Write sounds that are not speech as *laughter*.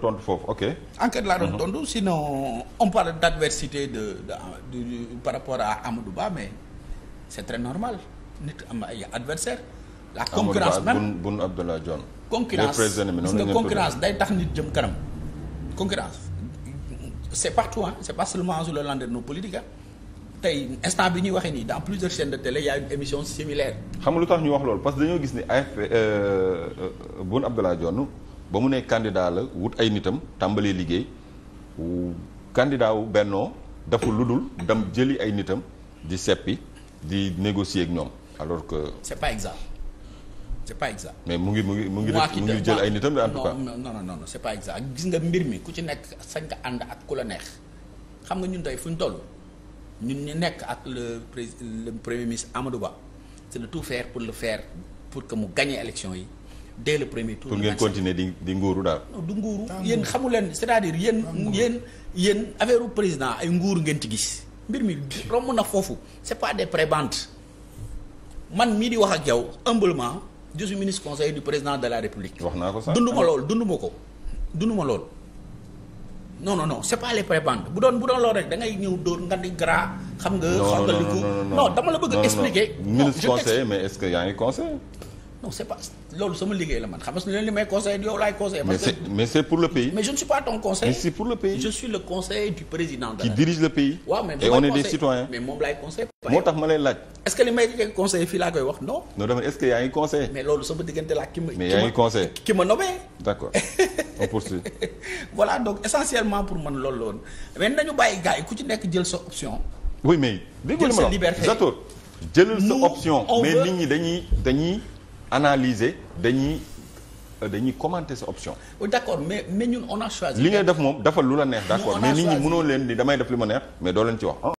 tontu foofu ok. enquête laa doon mhm. tontu sinon on parle d' adversité de de, de, de par rapport à Amadou Ba mais c' est très normal nit am ay adversaire la concurrence même Boun Boun Abdallah Dionne. concurrence nga concurrence day tax nit jëm kanam concurrence c' est partout ah c' est pas seulement sur le land de nos politiques ah tey instant bi ñuy waxee nii dans plusieurs chaînes de télé y a une émission similaire. xam nga lu tax ñu wax loolu parce que dañoo gis ni AFP euh, euh, Boun Abdallah ba mu nee kandidaa la wut ay nitam tàmbalee liggéey candidat wu bennoo deful lu dul dem jëli ay nitam di seppi di négocier ak ñoom alors que. c'est pas exact c'est pas exact. mais mu ngi mu ngi mu ngi def mu ngi jël ay nitam de en tout cas. non non non c'est pas exact gis nga mbir mi ku ci nekk sañ nga ànd ak ku la neex xam nga ñun tey fu ñu toll ñun ñu nekk ak le le premier ministre Amadou Ba c'est de tout faire pour le fair pour que mu gagner élection yi. dès le premier tour. pour ngeen continuer di di nguuru daal. du nguuru ah, yéen xamu leen c'est-à-dire yéen ah, yéen yéen affaire président ay nguur ngeen ci gis mbir mi romb na foofu c'est pas des prébendes man mii di wax ak yow humblement je suis président de la république. wax naa ko sax dunduma lool dunduma ko dunduma lool. non non non c'est pas les prébendes bu doon bu doon loolu rek da ngay ñëw doon nga di gras. xam nga xaw nga non dama la bëgg expliquer. non ministre conseiller mais est yaa ngi conseiller. non c'est pas loolu sama liggéey la man xam nga li may conseil yow laay conseil mais c'est pour le pays. mais je ne suis pas ton conseil. mais je suis le conseiller du mais moom laay conseil. moo tax ma lay laaj. est li may conseil fii laa koy wax non. non dama est-ce que loolu sama diggante la ki ma. mais ma nommé. d'accord on *laughs* voilà donc essentiellement pour man loolu la woon mais nañu bàyyi gars ku ci nekk jël sa option. oui mais. jël sa liberté analyser dañuy euh, dañuy commenter sa option. Oh, d' accord mais mais ñun on a choisi. li ngay def moom dafa lu la neex. d' mais nit ñi mënoo leen ni damay def li ma neex mais doo leen ci wax.